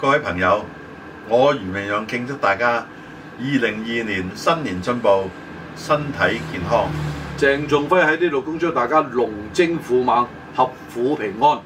各位朋友，我余明陽敬祝大家二零二二年新年進步，身體健康。鄭仲輝喺呢度恭祝大家龍精虎猛，合府平安。